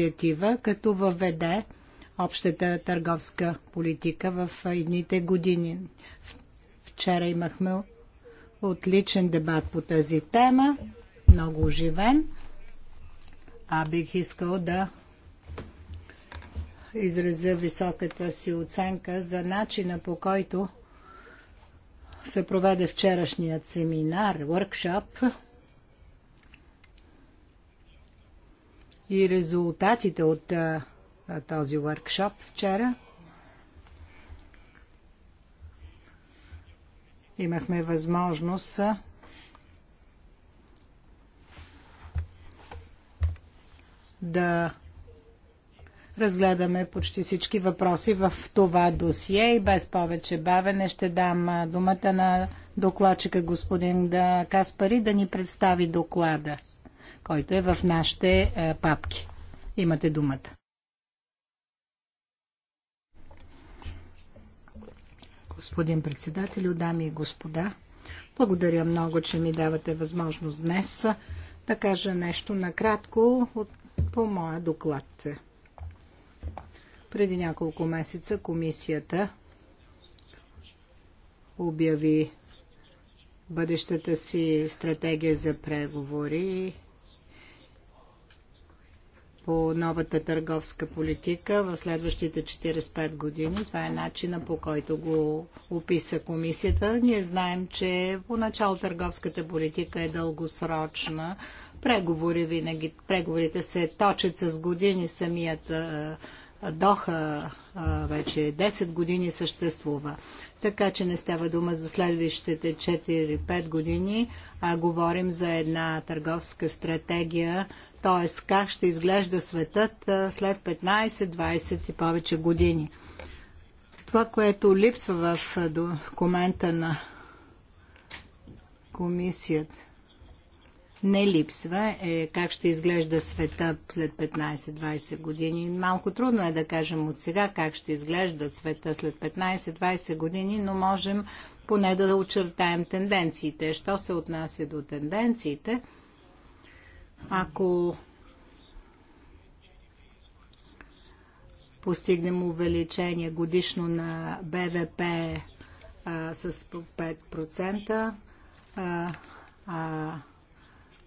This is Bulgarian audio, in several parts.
инициатива, като въведе общата търговска политика в едните години. Вчера имахме отличен дебат по тази тема, много оживен. А бих искал да изразя високата си оценка за начина по който се проведе вчерашният семинар, въркшап, и резултатите от а, този въркшоп вчера. Имахме възможност да разгледаме почти всички въпроси в това досие и без повече бавене ще дам думата на докладчика господин Каспари да ни представи доклада който е в нашите е, папки. Имате думата. Господин председател, дами и господа, благодаря много, че ми давате възможност днес да кажа нещо накратко от, по моя доклад. Преди няколко месеца комисията обяви бъдещата си стратегия за преговори по новата търговска политика в следващите 45 години. Това е начина по който го описа комисията. Ние знаем, че поначало търговската политика е дългосрочна. Преговори винаги, преговорите се точат с години самият Доха вече 10 години съществува. Така че не става дума за следващите 4-5 години, а говорим за една търговска стратегия, т.е. как ще изглежда светът след 15-20 и повече години. Това, което липсва в документа на комисията, не липсва е как ще изглежда света след 15-20 години. Малко трудно е да кажем от сега как ще изглежда света след 15-20 години, но можем поне да очертаем тенденциите. Що се отнася до тенденциите – ако постигнем увеличение годишно на БВП а, с 5%, а, а,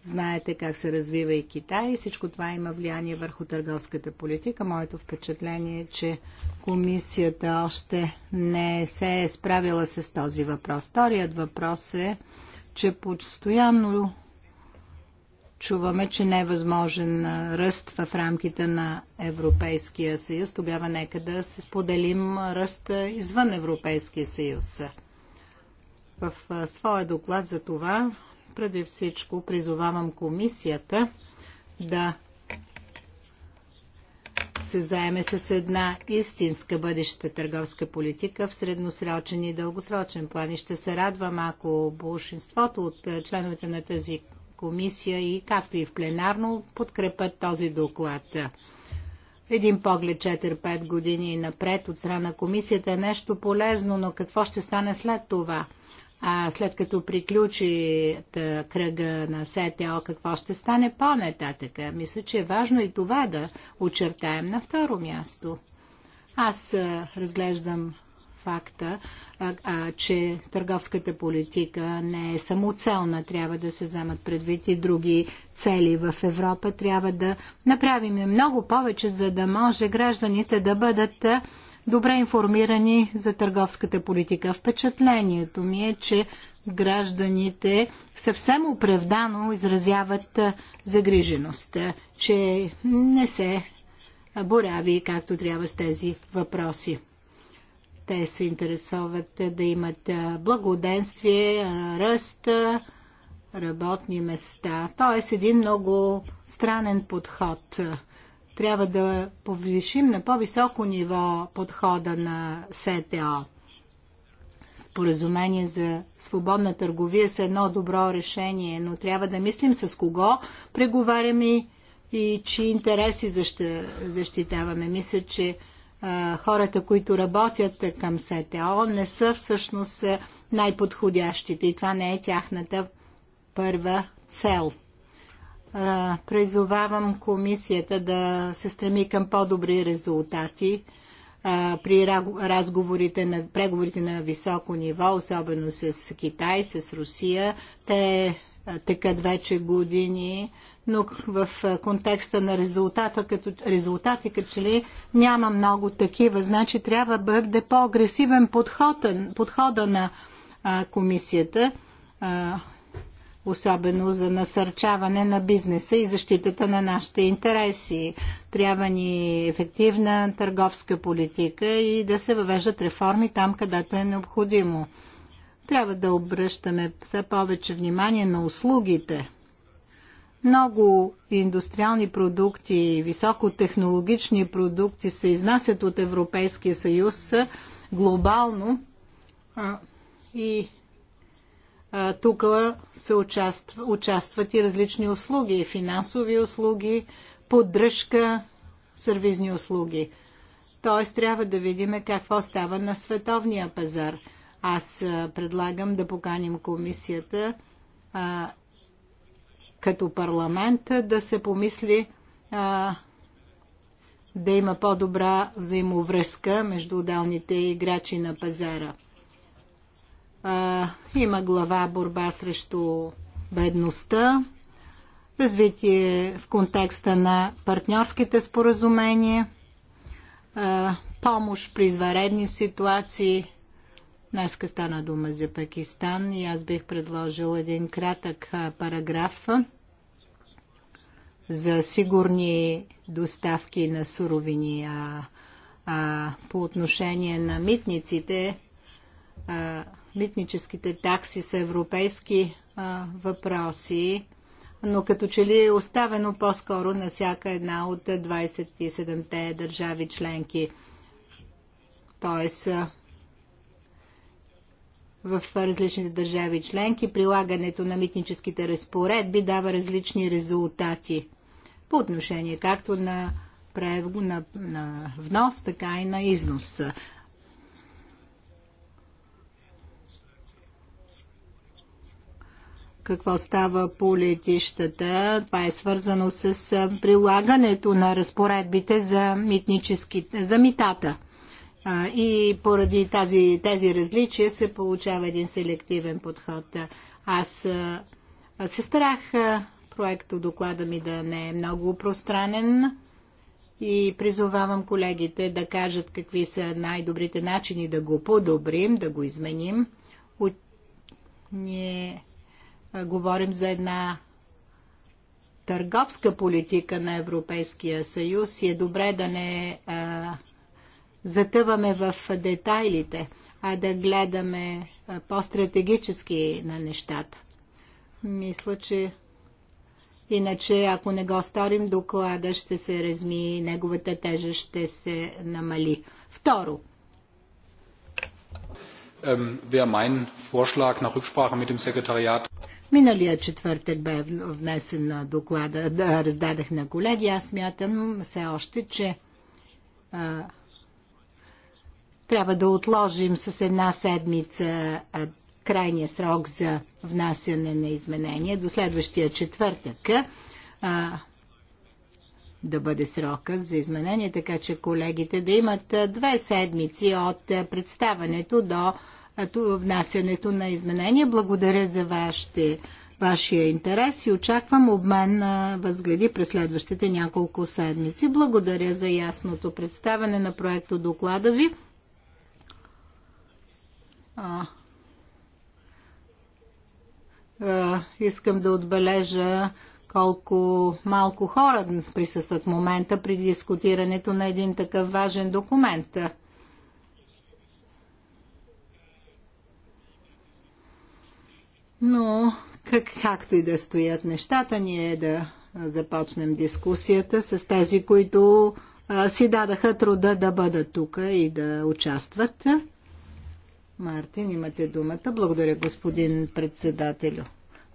знаете как се развива и Китай. Всичко това има влияние върху търговската политика. Моето впечатление е, че комисията още не се е справила с този въпрос. Вторият въпрос е, че постоянно чуваме, че не е възможен ръст в рамките на Европейския съюз, тогава нека да се споделим ръста извън Европейския съюз. В своя доклад за това, преди всичко, призовавам комисията да се заеме с една истинска бъдеща търговска политика в средносрочен и дългосрочен план. И ще се радвам, ако большинството от членовете на тази комисия и както и в пленарно подкрепят този доклад. Един поглед 4-5 години напред от страна на комисията е нещо полезно, но какво ще стане след това? А след като приключи кръга на СТО, какво ще стане по нататък Мисля, че е важно и това да очертаем на второ място. Аз разглеждам факта, а, че търговската политика не е самоцелна. Трябва да се вземат предвид и други цели в Европа. Трябва да направим много повече, за да може гражданите да бъдат добре информирани за търговската политика. Впечатлението ми е, че гражданите съвсем оправдано изразяват загриженост, че не се борави както трябва с тези въпроси. Те се интересуват да имат благоденствие, ръст, работни места. Тоест един много странен подход. Трябва да повишим на по-високо ниво подхода на СТО. Споразумение за свободна търговия са едно добро решение, но трябва да мислим с кого преговаряме и чии интереси защитаваме. Мисля, че хората, които работят към СТО, не са всъщност най-подходящите и това не е тяхната първа цел. призовавам комисията да се стреми към по-добри резултати при разговорите на преговорите на високо ниво, особено с Китай, с Русия. Те текат вече години но в контекста на резултата, като, резултати, като че ли няма много такива. Значи трябва да бъде по-агресивен подхода на а, комисията, а, особено за насърчаване на бизнеса и защитата на нашите интереси. Трябва ни ефективна търговска политика и да се въвеждат реформи там, където е необходимо. Трябва да обръщаме все повече внимание на услугите – много индустриални продукти, високотехнологични продукти се изнасят от Европейския съюз глобално и тук се участва, участват и различни услуги, финансови услуги, поддръжка, сервизни услуги. Тоест трябва да видим какво става на световния пазар. Аз предлагам да поканим комисията като парламент да се помисли а, да има по-добра взаимовръзка между отделните играчи на пазара. А, има глава борба срещу бедността, развитие в контекста на партньорските споразумения, а, помощ при изваредни ситуации – Днеска стана дума за Пакистан и аз бих предложил един кратък параграф за сигурни доставки на суровини. А, а, по отношение на митниците, а, митническите такси са европейски а, въпроси, но като че ли е оставено по-скоро на всяка една от 27-те държави членки. Тоест, в различните държави членки, прилагането на митническите разпоредби дава различни резултати по отношение както на, на, на внос, така и на износ. какво става по летищата. Това е свързано с прилагането на разпоредбите за, за митата. А, и поради тази, тези различия се получава един селективен подход. Аз а, се страх. проекто доклада ми да не е много пространен и призовавам колегите да кажат какви са най-добрите начини да го подобрим, да го изменим. От... Ние а, говорим за една търговска политика на Европейския съюз и е добре да не а, затъваме в детайлите, а да гледаме по-стратегически на нещата. Мисля, че иначе ако не го сторим, доклада ще се разми, неговата тежа ще се намали. Второ, Миналия четвъртък бе внесен доклада, да, раздадах на колеги. Аз смятам все още, че а, трябва да отложим с една седмица крайния срок за внасяне на изменения до следващия четвъртък да бъде срока за изменение, така че колегите да имат две седмици от представането до внасянето на изменения. Благодаря за вашите, вашия интерес и очаквам обмен на възгледи през следващите няколко седмици. Благодаря за ясното представяне на проекто доклада ви. А, а, искам да отбележа колко малко хора присъстват в момента при дискутирането на един такъв важен документ. Но, как, както и да стоят нещата, ние да започнем дискусията с тези, които а, си дадаха труда да бъдат тук и да участват. Мартин, имате думата. Благодаря, господин председателю.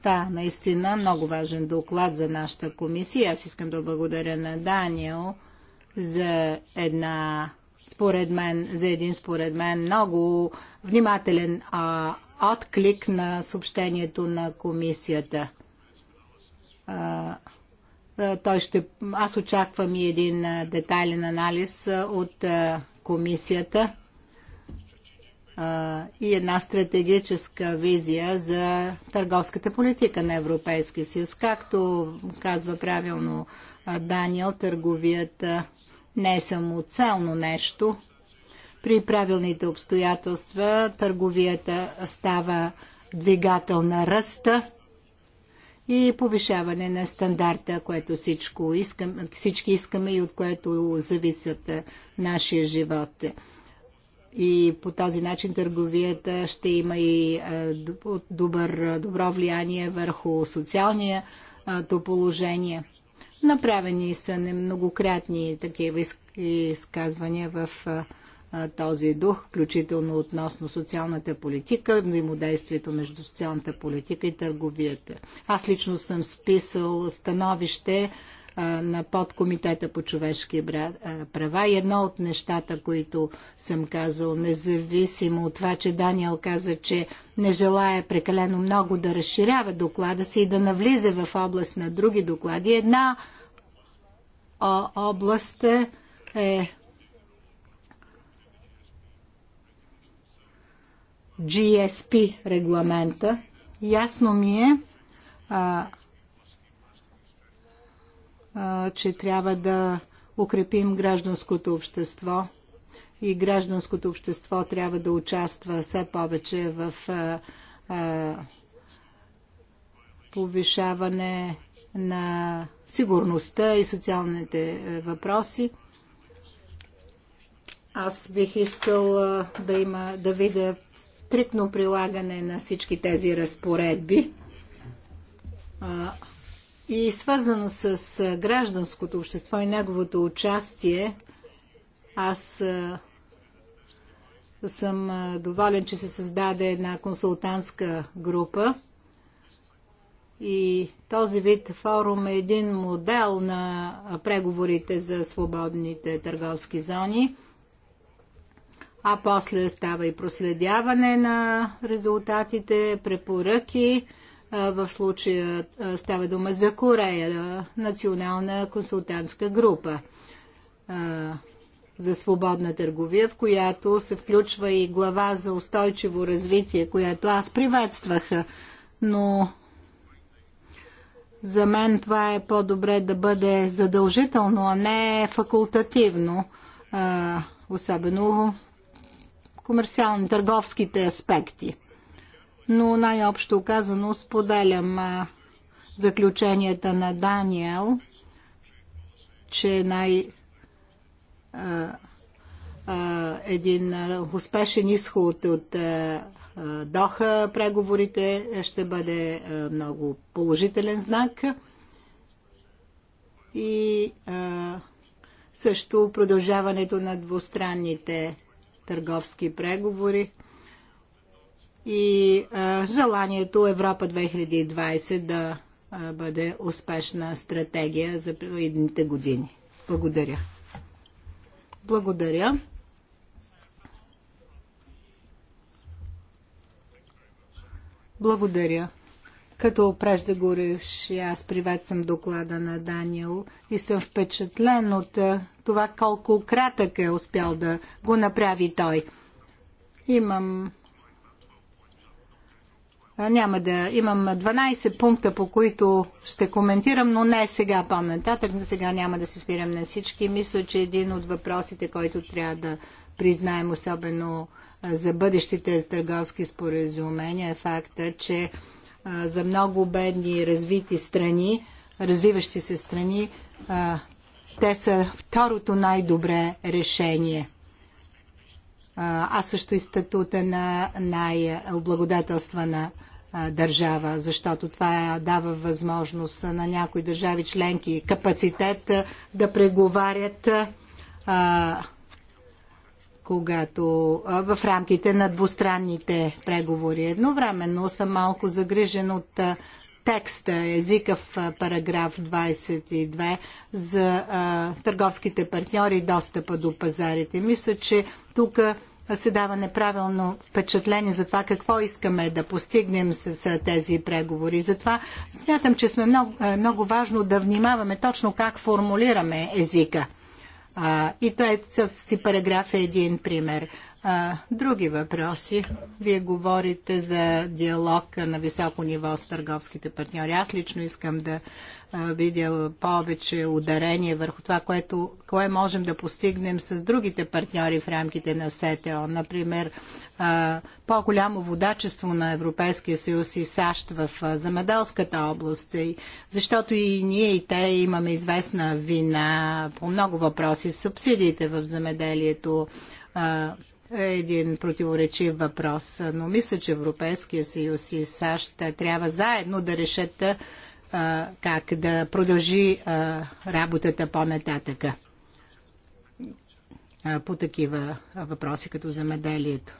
Да, наистина много важен доклад за нашата комисия. Аз искам да благодаря на Даниел за една, според мен, за един, според мен, много внимателен а, отклик на съобщението на комисията. А, той ще, аз очаквам и един детайлен анализ от комисията и една стратегическа визия за търговската политика на Европейския съюз. Както казва правилно Даниел, търговията не е самоцелно нещо. При правилните обстоятелства търговията става двигател на ръста и повишаване на стандарта, което всичко искам, всички искаме и от което зависят нашия живот и по този начин търговията ще има и добър, добро влияние върху социалния положение. Направени са многократни такива изказвания в този дух, включително относно социалната политика, взаимодействието между социалната политика и търговията. Аз лично съм списал становище на подкомитета по човешки права. И едно от нещата, които съм казал, независимо от това, че Даниел каза, че не желая прекалено много да разширява доклада си и да навлиза в област на други доклади, една област е GSP е регламента. Ясно ми е, че трябва да укрепим гражданското общество и гражданското общество трябва да участва все повече в повишаване на сигурността и социалните въпроси. Аз бих искал да има, да видя стрикно прилагане на всички тези разпоредби и свързано с гражданското общество и неговото участие, аз съм доволен, че се създаде една консултантска група. И този вид форум е един модел на преговорите за свободните търговски зони. А после става и проследяване на резултатите, препоръки в случая става дума за Корея, национална консултантска група за свободна търговия, в която се включва и глава за устойчиво развитие, която аз приветствах, но за мен това е по-добре да бъде задължително, а не факултативно, особено комерциално-търговските аспекти но най-общо казано споделям заключенията на Даниел, че най- един успешен изход от Доха преговорите ще бъде много положителен знак и също продължаването на двустранните търговски преговори и а, желанието Европа 2020 да а, бъде успешна стратегия за едните години. Благодаря. Благодаря. Благодаря. Като гореш, аз приветствам доклада на Даниел и съм впечатлен от това колко кратък е успял да го направи той. Имам няма да имам 12 пункта, по които ще коментирам, но не сега по-нататък. Сега няма да се спирам на всички. Мисля, че един от въпросите, който трябва да признаем, особено за бъдещите търговски споразумения, е факта, че за много бедни развити страни, развиващи се страни, те са второто най-добре решение – а също и статута на най-облагодателствана държава, защото това дава възможност на някои държави членки капацитет да преговарят а, когато а, в рамките на двустранните преговори. Едновременно съм малко загрижен от а, текста, езика в параграф 22 за а, търговските партньори и достъпа до пазарите. Мисля, че тук се дава неправилно впечатление за това какво искаме да постигнем с, с тези преговори. Затова смятам, че сме много, е, много важно да внимаваме точно как формулираме езика. А, и той е, си параграф е един пример. А, други въпроси. Вие говорите за диалог на високо ниво с търговските партньори. Аз лично искам да а, видя повече ударение върху това, което, кое можем да постигнем с другите партньори в рамките на СТО. Например, по-голямо водачество на Европейския съюз и САЩ в а, замеделската област. И, защото и ние и те имаме известна вина по много въпроси. Субсидиите в замеделието един противоречив въпрос, но мисля, че Европейския съюз и САЩ трябва заедно да решат а, как да продължи а, работата по-нататъка по такива въпроси като замеделието.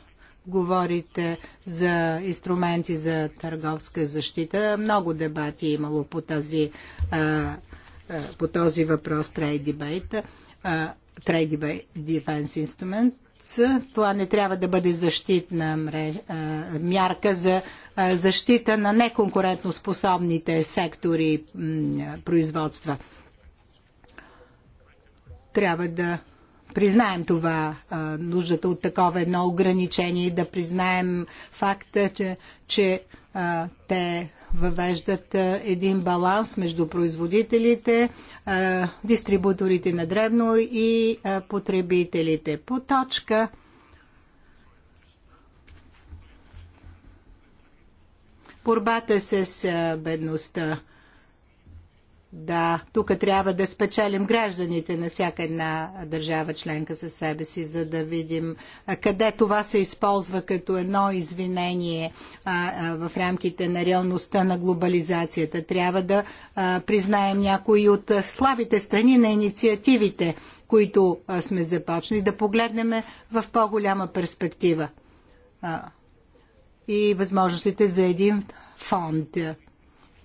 Говорите за инструменти за търговска защита. Много дебати е имало по, тази, а, по този въпрос Trade Debate, Trade Defense Instrument това не трябва да бъде защитна мярка за защита на способните сектори производства. Трябва да признаем това, нуждата от такова едно ограничение, да признаем факта, че, че те въвеждат един баланс между производителите, дистрибуторите на древно и потребителите. По точка борбата с бедността. Да, тук трябва да спечелим гражданите на всяка една държава членка със себе си, за да видим къде това се използва като едно извинение а, а, в рамките на реалността на глобализацията. Трябва да а, признаем някои от слабите страни на инициативите, които а, сме започнали, да погледнем в по-голяма перспектива а, и възможностите за един фонд.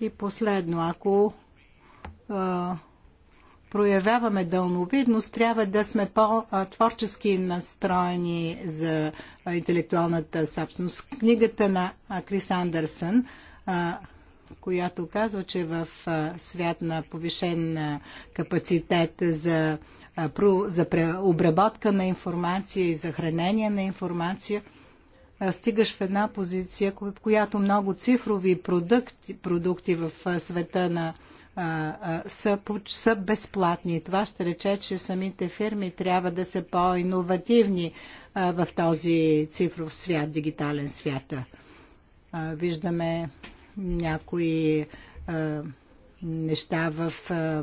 И последно, ако проявяваме дълновидност, трябва да сме по-творчески настроени за интелектуалната собственост. Книгата на Крис Андерсън, която казва, че в свят на повишен капацитет за, за обработка на информация и за хранение на информация, стигаш в една позиция, която много цифрови продукти, продукти в света на са, са безплатни. Това ще рече, че самите фирми трябва да са по-инновативни в този цифров свят, дигитален свят. Виждаме някои неща в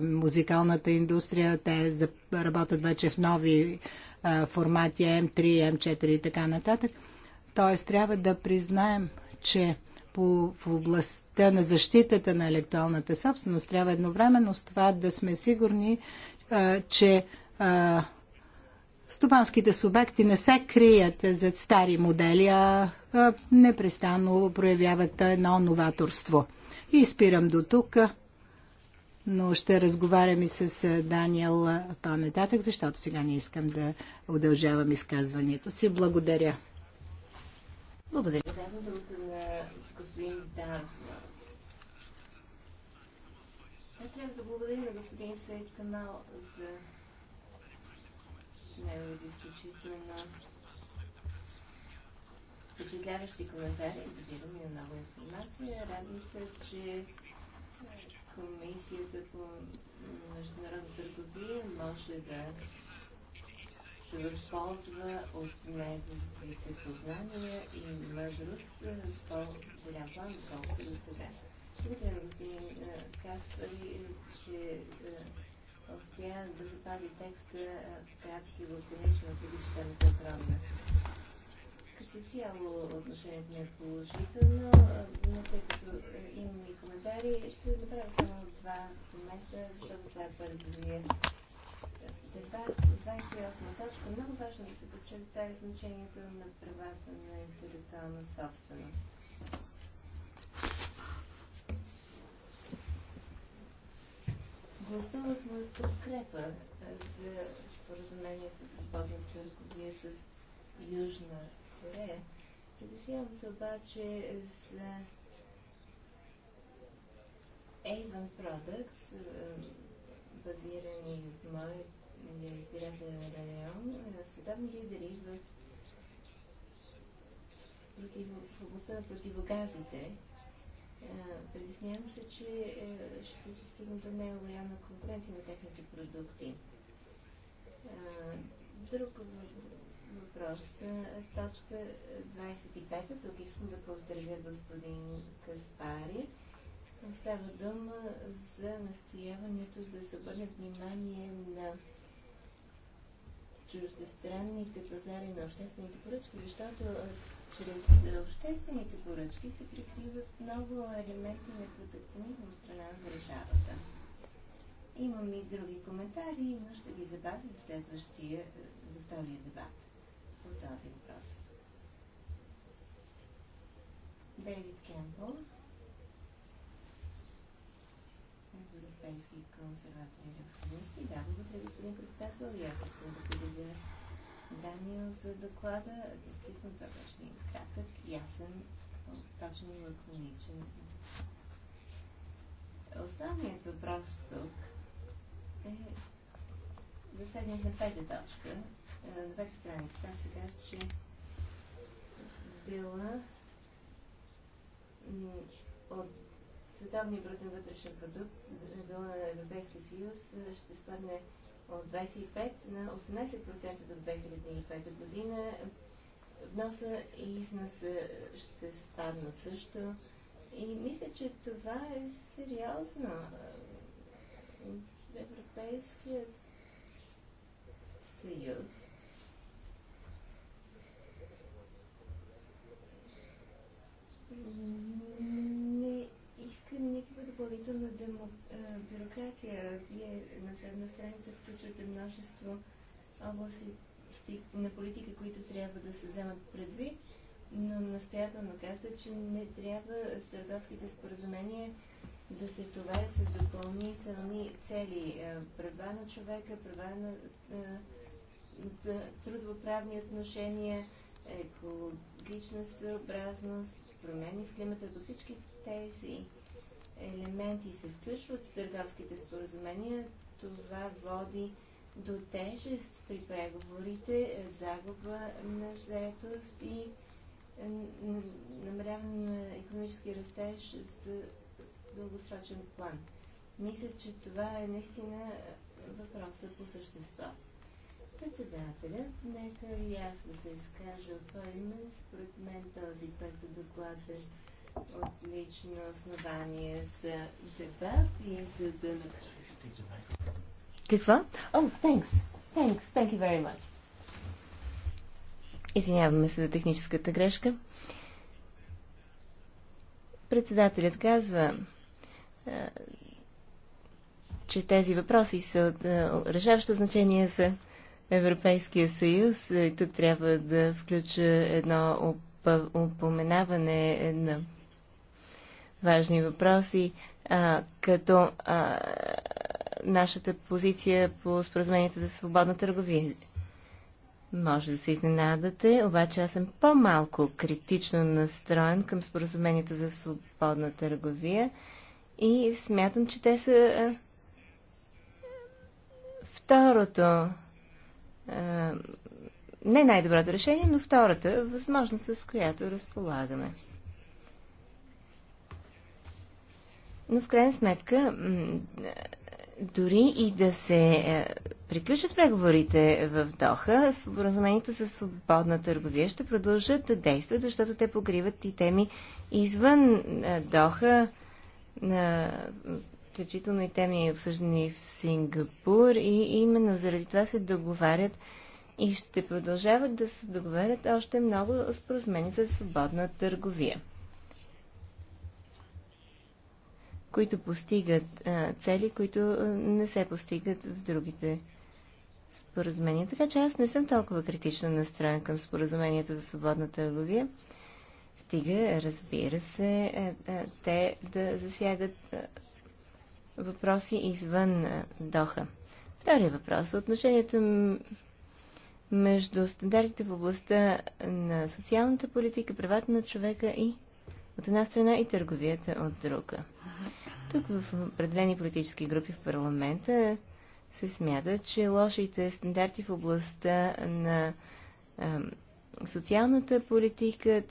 музикалната индустрия. Те работят вече в нови формати M3, M4 и така нататък. Тоест трябва да признаем, че по, в областта на защитата на електуалната собственост. Трябва едновременно с това да сме сигурни, а, че а, стопанските субекти не се крият зад стари модели, а, а непрестанно проявяват едно новаторство. И спирам до тук, но ще разговарям и с Даниел по-нататък, защото сега не искам да удължавам изказването си. Благодаря. Благодаря господин Дартман. Трябва да благодарим на господин Сейд Канал за неговите изключително впечатляващи коментари. Базираме на много информация. Радвам се, че Комисията по международна търговия може да се възползва от неговите познания и мъдрост в по-голям план, отколкото до сега. Благодаря господин е, Каспари, че е, успя да запази текста е, кратки и лаконичен от предишната програма. Като цяло отношението ми е положително, но тъй като имам и коментари, ще направя само два момента, защото това е първият дебат, 28 точка, много важно да се подчертае значението на правата на интелектуална собственост. Гласувахме подкрепа е, за споразумението за свободна търговия с Южна Корея. Притеснявам се обаче за Avon Products, е, базирани в моят избирателен район, световни лидери в, против, в областта на противогазите. Притеснявам се, че е, ще се стигне до нелоялна конкуренция на техните продукти. Друг въпрос. Точка 25. Тук искам да поздравя господин Каспари. Става дума за настояването да се обърне внимание на чуждестранните пазари на обществените поръчки, защото чрез обществените поръчки се прикриват много елементи на протекционизъм от страна на държавата. Имам и други коментари, но ще ги забавя за следващия, за втория дебат по този въпрос. Дейвид Кемпъл от европейски консерватори и реформисти. Да, благодаря, господин председател. И аз искам да благодаря Даниел за доклада. Действително, той беше един кратък, ясен, точен и лаконичен. Основният въпрос тук е да седнем на пета точка, е, на двете страници. Там се казва, че била от световния брутен вътрешен продукт, дела на Европейския съюз, ще спадне от 25 на 18% до 2005 година. Вноса и износа ще спаднат също. И мисля, че това е сериозно. Европейският съюз не иска никаква допълнителна демо, бюрокрация. Вие на следна страница включвате множество области на политика, които трябва да се вземат предвид, но настоятелно казва, че не трябва с търговските споразумения да се товарят с допълнителни цели. Права на човека, права на трудоправни отношения, екологична съобразност, промени в климата, до всички тези елементи се включват в търговските споразумения, това води до тежест при преговорите, загуба на заетост и намаляване на економически растеж в дългосрочен план. Мисля, че това е наистина въпроса по същество. Председателя, нека и аз да се изкажа от своя име. Според мен този път доклад е отлично основание за дебат и за да... Какво? О, oh, thanks. Thanks. Thank you very much. Извиняваме се за техническата грешка. Председателят казва, че тези въпроси са от решаващо значение за Европейския съюз. И е, тук трябва да включа едно упоменаване е, на важни въпроси, а, като а, нашата позиция по споразумението за свободна търговия. Може да се изненадате, обаче аз съм по-малко критично настроен към споразуменията за свободна търговия и смятам, че те са второто а, не най-доброто решение, но втората възможност, с която разполагаме. Но в крайна сметка, дори и да се е, приключат преговорите в Доха, споразумените за свободна търговия ще продължат да действат, защото те покриват и теми извън е, Доха, включително и теми обсъждани в Сингапур и именно заради това се договарят и ще продължават да се договарят още много споразумени за свободна търговия, които постигат а, цели, които не се постигат в другите споразумения. Така че аз не съм толкова критично настроен към споразуменията за свободна търговия. Стига, разбира се, те да засягат въпроси извън Доха. Втория въпрос. Е отношението между стандартите в областта на социалната политика, правата на човека и от една страна и търговията от друга. Тук в определени политически групи в парламента се смята, че лошите стандарти в областта на социалната политика,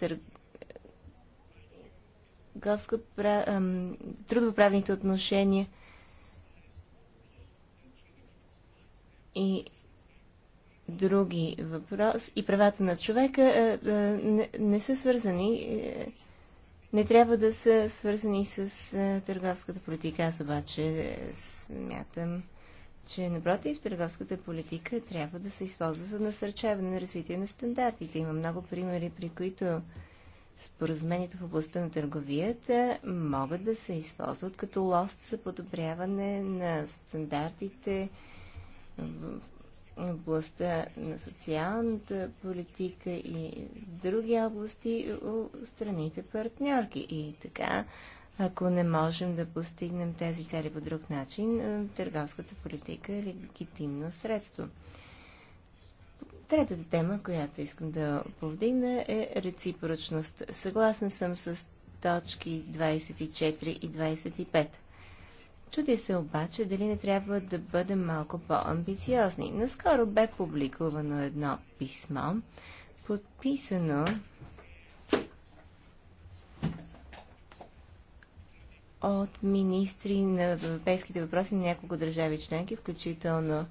трудоправните отношения и други въпроси и правата на човека не, не са свързани, е, не трябва да са свързани с е, търговската политика. Аз обаче смятам, че напротив, търговската политика трябва да се използва за насърчаване на развитие на стандартите. Има много примери, при които споразумението в областта на търговията могат да се използват като лост за подобряване на стандартите в областта на социалната политика и в други области у страните партньорки. И така, ако не можем да постигнем тези цели по друг начин, търговската политика е легитимно средство. Третата тема, която искам да повдигна е реципрочност. Съгласна съм с точки 24 и 25. Чуди се обаче дали не трябва да бъдем малко по-амбициозни. Наскоро бе публикувано едно писмо, подписано от министри на европейските въпроси на няколко държави членки, включително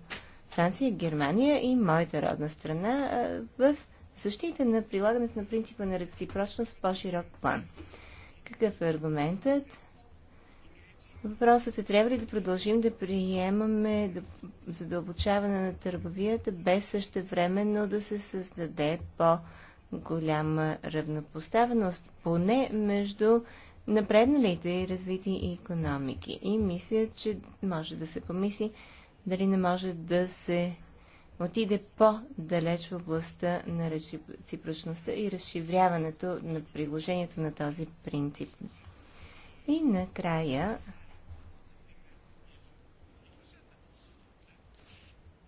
Франция, Германия и моята родна страна в защита на прилагането на принципа на реципрочност по-широк план. Какъв е аргументът? Въпросът е, трябва ли да продължим да приемаме задълбочаване на търговията, без също но да се създаде по-голяма равнопоставеност, поне между напредналите и развити економики. И мисля, че може да се помисли дали не може да се отиде по-далеч в областта на реципрочността и разширяването на приложението на този принцип. И накрая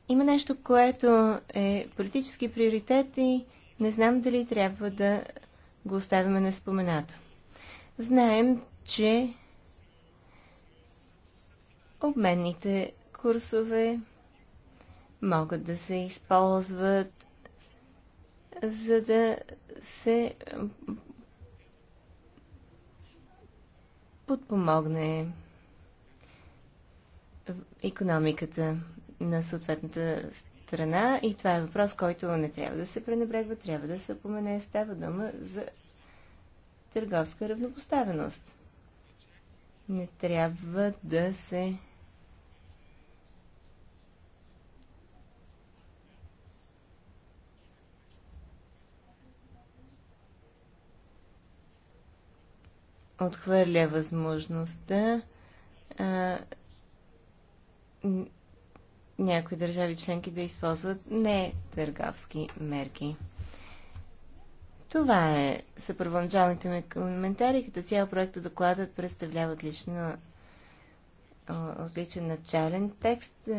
има нещо, което е политически приоритет и не знам дали трябва да го оставяме на споменато. Знаем, че обменните курсове могат да се използват, за да се подпомогне економиката на съответната страна и това е въпрос, който не трябва да се пренебрегва, трябва да се опомене. Става дума за търговска равнопоставеност. Не трябва да се отхвърля възможността а, някои държави членки да използват не търговски мерки. Това е са първоначалните ми коментари. Като цял проект докладът представлява отлично, отличен начален текст,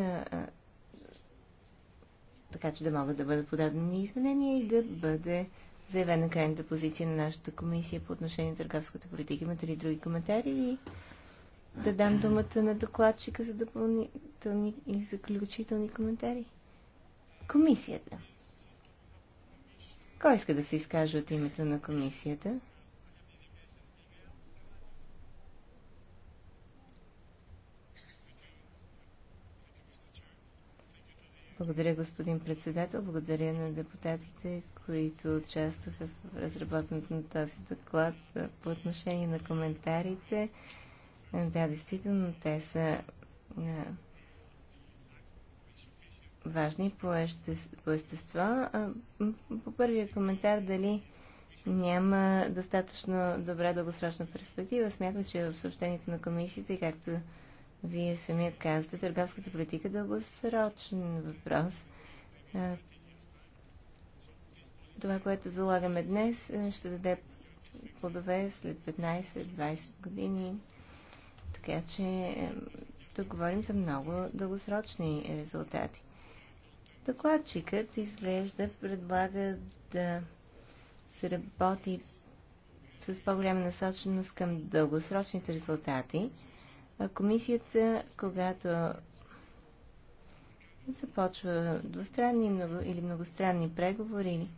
така че да могат да бъдат подадени изменения и да бъде Заявя на крайната позиция на нашата комисия по отношение на търговската политика. Имате ли други коментари или да дам думата на докладчика за допълнителни и заключителни коментари? Комисията. Кой иска да се изкаже от името на комисията? Благодаря, господин председател. Благодаря на депутатите, които участваха в разработването на този доклад по отношение на коментарите. Да, действително, те са важни по, по естество. По първия коментар, дали няма достатъчно добра дългосрочна перспектива, смятам, че в съобщението на комисията както вие самият казвате, търговската политика е дългосрочен въпрос. Това, което залагаме днес, е, ще даде плодове след 15-20 години. Така че е, тук говорим за много дългосрочни резултати. Докладчикът изглежда предлага да се работи с по-голяма насоченост към дългосрочните резултати, комисията, когато започва двустранни много, или многостранни преговори,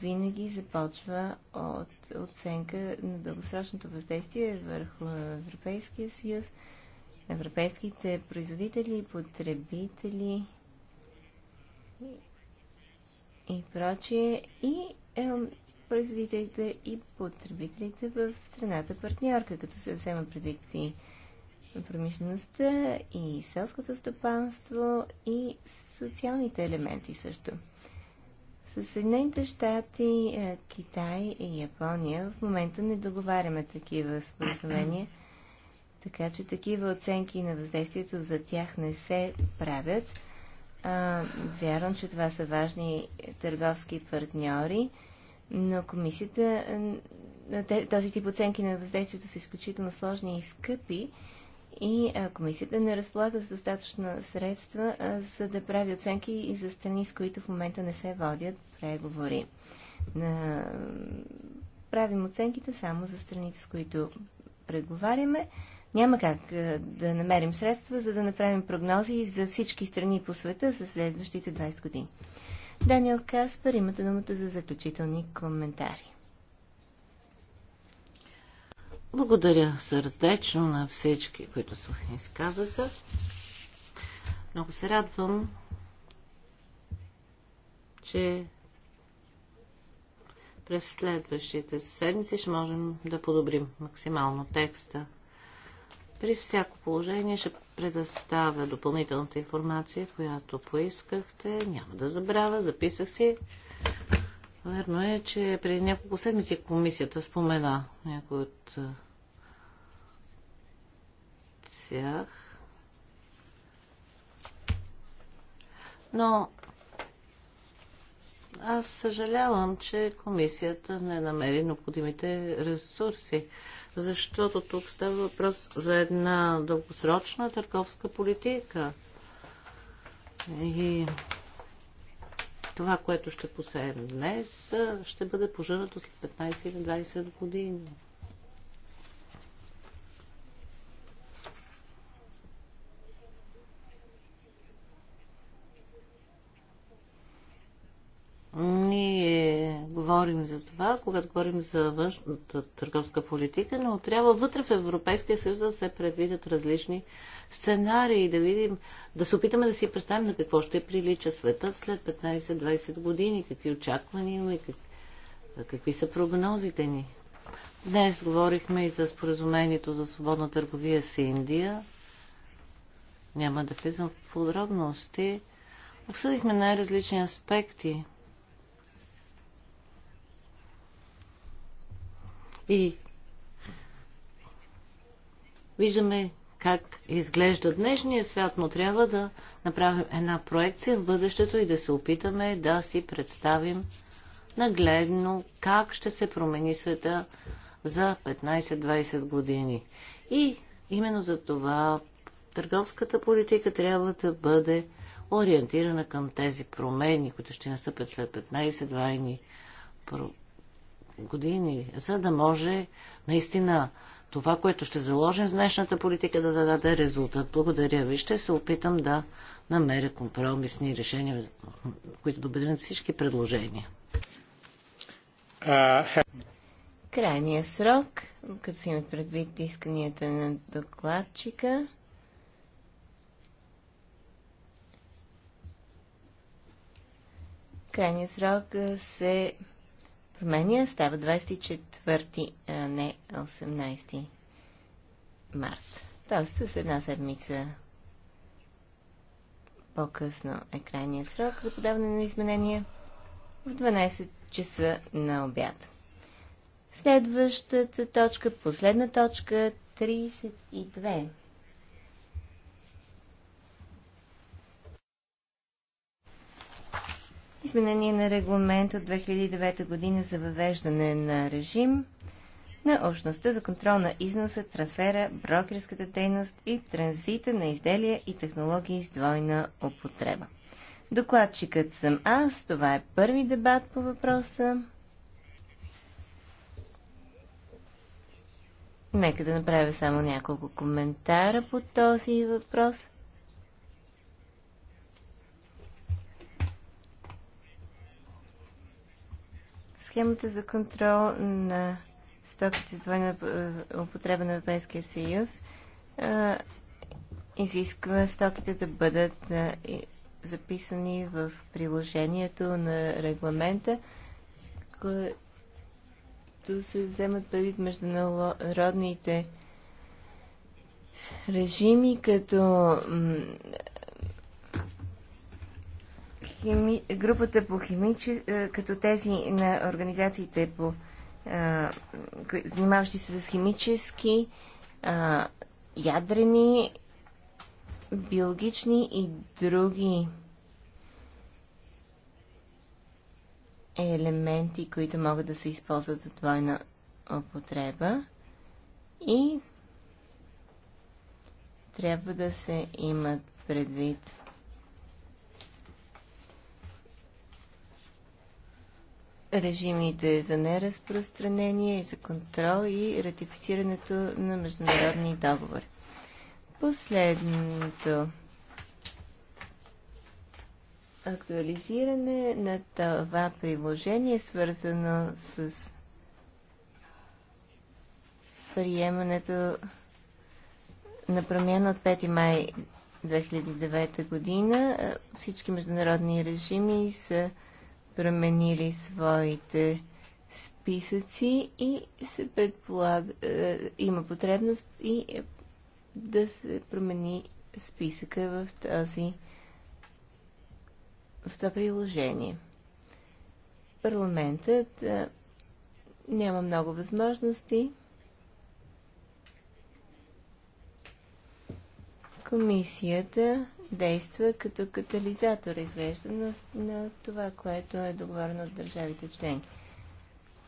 винаги започва от оценка на дългосрочното въздействие върху Европейския съюз, европейските производители, потребители и прочие, и е, производителите и потребителите в страната партньорка, като се взема предвид и промишлеността, и селското стопанство, и социалните елементи също. С Съединените щати, е, Китай и Япония в момента не договаряме такива споразумения, така че такива оценки на въздействието за тях не се правят. А, вярвам, че това са важни търговски партньори, но комисията, е, този тип оценки на въздействието са изключително сложни и скъпи и комисията не разполага с достатъчно средства, за да прави оценки и за страни, с които в момента не се водят преговори. На... Правим оценките само за страните, с които преговаряме. Няма как да намерим средства, за да направим прогнози за всички страни по света за следващите 20 години. Даниел Каспер, имате думата за заключителни коментари. Благодаря сърдечно на всички, които се изказаха. Много се радвам, че през следващите седмици ще можем да подобрим максимално текста. При всяко положение ще предоставя допълнителната информация, която поискахте. Няма да забравя, записах си. Верно е, че преди няколко седмици комисията спомена някой от тях. Но аз съжалявам, че комисията не намери необходимите ресурси, защото тук става въпрос за една дългосрочна търговска политика. И това, което ще посеем днес, ще бъде пожърнато след 15 или 20 години. говорим за това, когато говорим за външната търговска политика, но трябва вътре в Европейския съюз да се предвидят различни сценарии, да видим, да се опитаме да си представим на какво ще прилича света след 15-20 години, какви очаквания имаме, как, какви са прогнозите ни. Днес говорихме и за споразумението за свободна търговия с Индия. Няма да влизам в подробности. Обсъдихме най-различни аспекти И виждаме как изглежда днешния свят, но трябва да направим една проекция в бъдещето и да се опитаме да си представим нагледно как ще се промени света за 15-20 години. И именно за това търговската политика трябва да бъде ориентирана към тези промени, които ще настъпят след 15-20 години, за да може наистина това, което ще заложим в днешната политика да даде резултат. Благодаря ви. Ще се опитам да намеря компромисни решения, които да всички предложения. Крайният срок, като си имат предвид исканията на докладчика, крайният срок се Армения става 24, а не 18 март. Тоест с една седмица по-късно е крайният срок за подаване на изменения в 12 часа на обяд. Следващата точка, последна точка, 32. изменение на регламент от 2009 година за въвеждане на режим на общността за контрол на износа, трансфера, брокерската дейност и транзита на изделия и технологии с двойна употреба. Докладчикът съм аз. Това е първи дебат по въпроса. Нека да направя само няколко коментара по този въпрос. Схемата за контрол на стоките с двойна е, употреба на Европейския съюз е, изисква стоките да бъдат е, записани в приложението на регламента, като се вземат предвид международните режими, като хими... групата по химиче, като тези на организациите по е, занимаващи се с химически, е, ядрени, биологични и други елементи, които могат да се използват за двойна употреба и трябва да се имат предвид режимите за неразпространение и за контрол и ратифицирането на международни договори. Последното актуализиране на това приложение, свързано с приемането на промяна от 5 май 2009 година. Всички международни режими са променили своите списъци и се предполага, е, има потребност и е, да се промени списъка в тази в това приложение. Парламентът е, няма много възможности. Комисията действа като катализатор, извежда на, на това, което е договорено от държавите членки.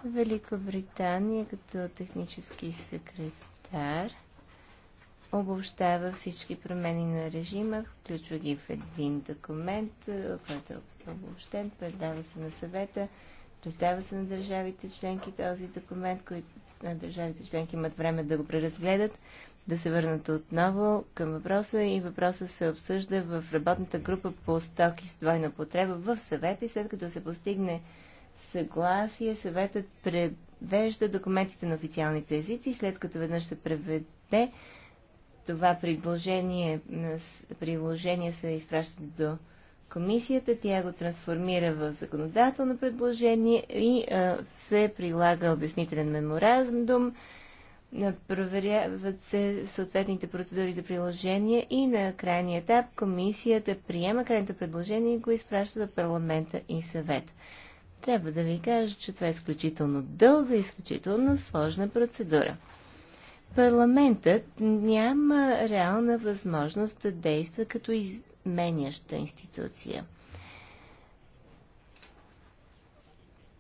Великобритания като технически секретар обобщава всички промени на режима, включва ги в един документ, е, който е обобщен, предава се на съвета, раздава се на държавите членки този документ, които държавите членки имат време да го преразгледат да се върнат отново към въпроса и въпроса се обсъжда в работната група по стоки с двойна потреба в съвета и след като се постигне съгласие, съветът превежда документите на официалните езици и след като веднъж се преведе, това предложение, на приложение се изпраща до комисията, тя го трансформира в законодателно предложение и а, се прилага обяснителен меморандум проверяват се съответните процедури за приложение и на крайния етап комисията приема крайното предложение и го изпраща до парламента и съвет. Трябва да ви кажа, че това е изключително дълга, изключително сложна процедура. Парламентът няма реална възможност да действа като изменяща институция.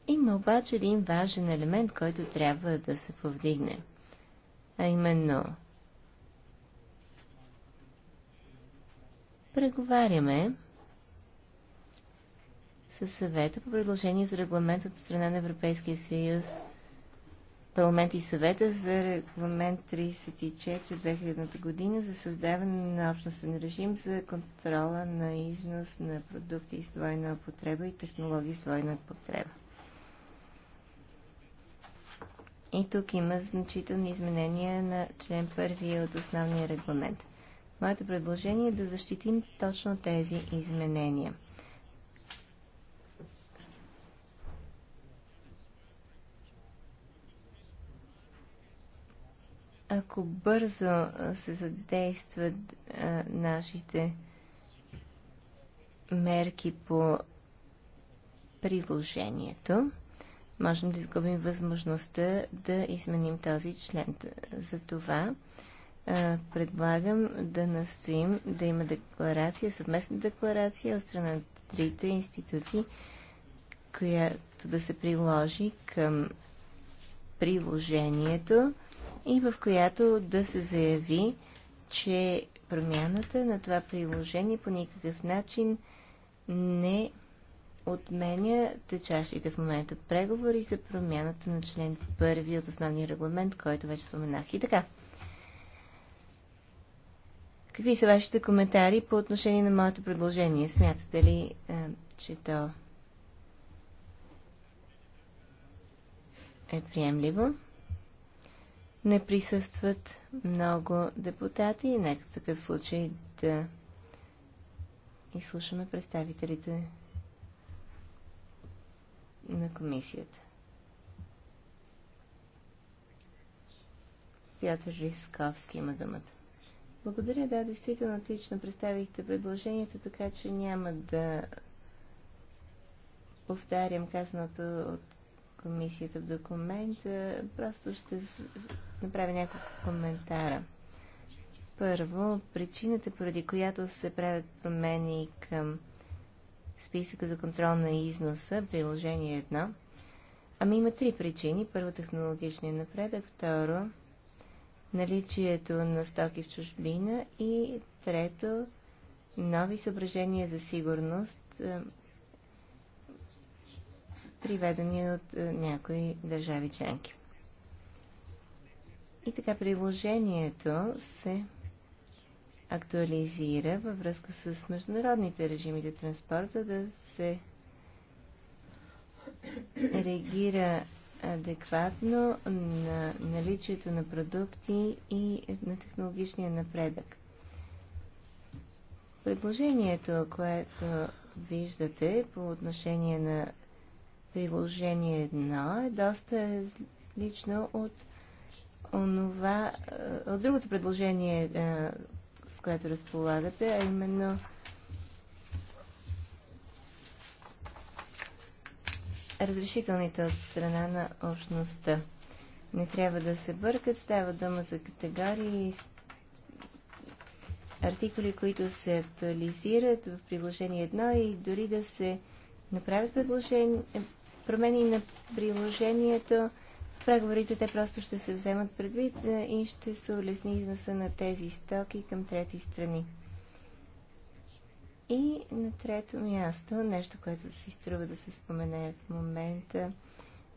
Има обаче един важен елемент, който трябва да се повдигне – а именно преговаряме със съвета по предложение за регламент от страна на Европейския съюз парламент и съвета за регламент 34 от 2000 година за създаване на общностен режим за контрола на износ на продукти с двойна употреба и технологии с двойна употреба. И тук има значителни изменения на член 1 от основния регламент. Моето предложение е да защитим точно тези изменения. Ако бързо се задействат а, нашите мерки по приложението, можем да изгубим възможността да изменим този член. За това предлагам да настоим да има декларация, съвместна декларация от страна на трите институции, която да се приложи към приложението и в която да се заяви, че промяната на това приложение по никакъв начин не отменя течащите в момента преговори за промяната на член 1 от основния регламент, който вече споменах. И така. Какви са вашите коментари по отношение на моето предложение? Смятате ли, е, че то е приемливо? Не присъстват много депутати и нека в такъв случай да изслушаме представителите на комисията. Пятър Рисковски има думата. Благодаря, да, действително отлично представихте предложението, така че няма да повтарям казаното от комисията в документа. Просто ще направя няколко коментара. Първо, причината, поради която се правят промени към списъка за контрол на износа, приложение 1. Ами има три причини. Първо технологичния напредък, второ наличието на стоки в чужбина и трето нови съображения за сигурност, е, приведени от е, някои държави членки. И така приложението се актуализира във връзка с международните режими за транспорт, за да се реагира адекватно на наличието на продукти и на технологичния напредък. Предложението, което виждате по отношение на приложение 1 е доста лично от онова, е, от другото предложение, е, с която разполагате, а именно разрешителните от страна на общността. Не трябва да се бъркат, става дума за категории, артикули, които се актуализират в приложение 1 и дори да се направят предложения, промени на приложението, преговорите те просто ще се вземат предвид е, и ще се улесни износа на тези стоки към трети страни. И на трето място, нещо, което си струва да се спомене в момента,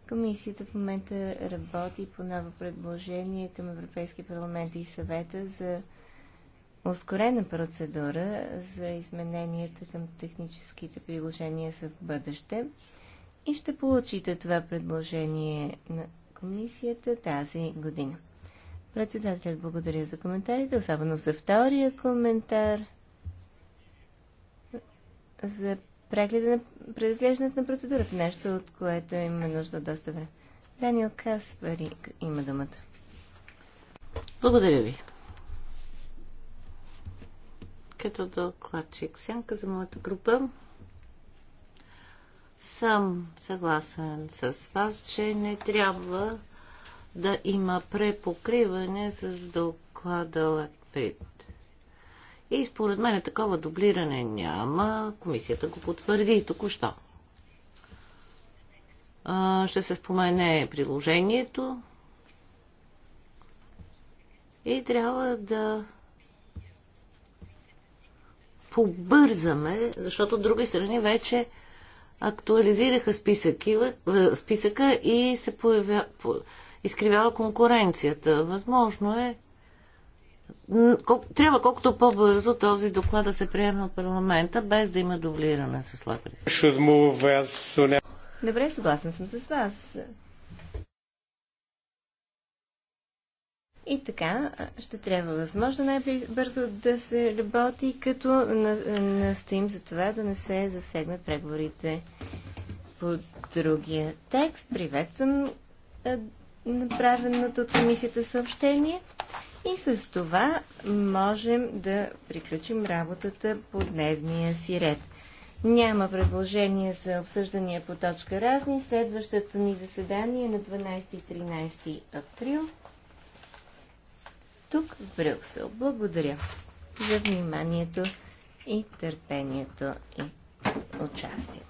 Комисията в момента работи по ново предложение към Европейския парламент и съвета за ускорена процедура за измененията към техническите приложения за в бъдеще и ще получите това предложение на комисията тази година. Председателят благодаря за коментарите, особено за втория коментар за прегледа на преразглеждането на процедурата, нещо от което има нужда доста време. Даниел Каспари има думата. Благодаря ви. Като докладчик сянка за моята група, съм съгласен с вас, че не трябва да има препокриване с доклада Лакприт. И според мен такова дублиране няма. Комисията го потвърди току-що. Ще се спомене приложението и трябва да побързаме, защото от други страни вече актуализираха списъка, списъка и се появя, изкривява конкуренцията. Възможно е. трябва колкото по-бързо този доклад да се приеме от парламента, без да има дублиране с лапри. Добре, съгласен съм с вас. И така ще трябва възможно най-бързо да се работи, като настоим за това да не се засегнат преговорите по другия текст. Приветствам направеното от комисията съобщение и с това можем да приключим работата по дневния си ред. Няма предложение за обсъждания по точка разни. Следващото ни заседание е на 12 и 13 април тук в Брюксел. Благодаря за вниманието и търпението и участието.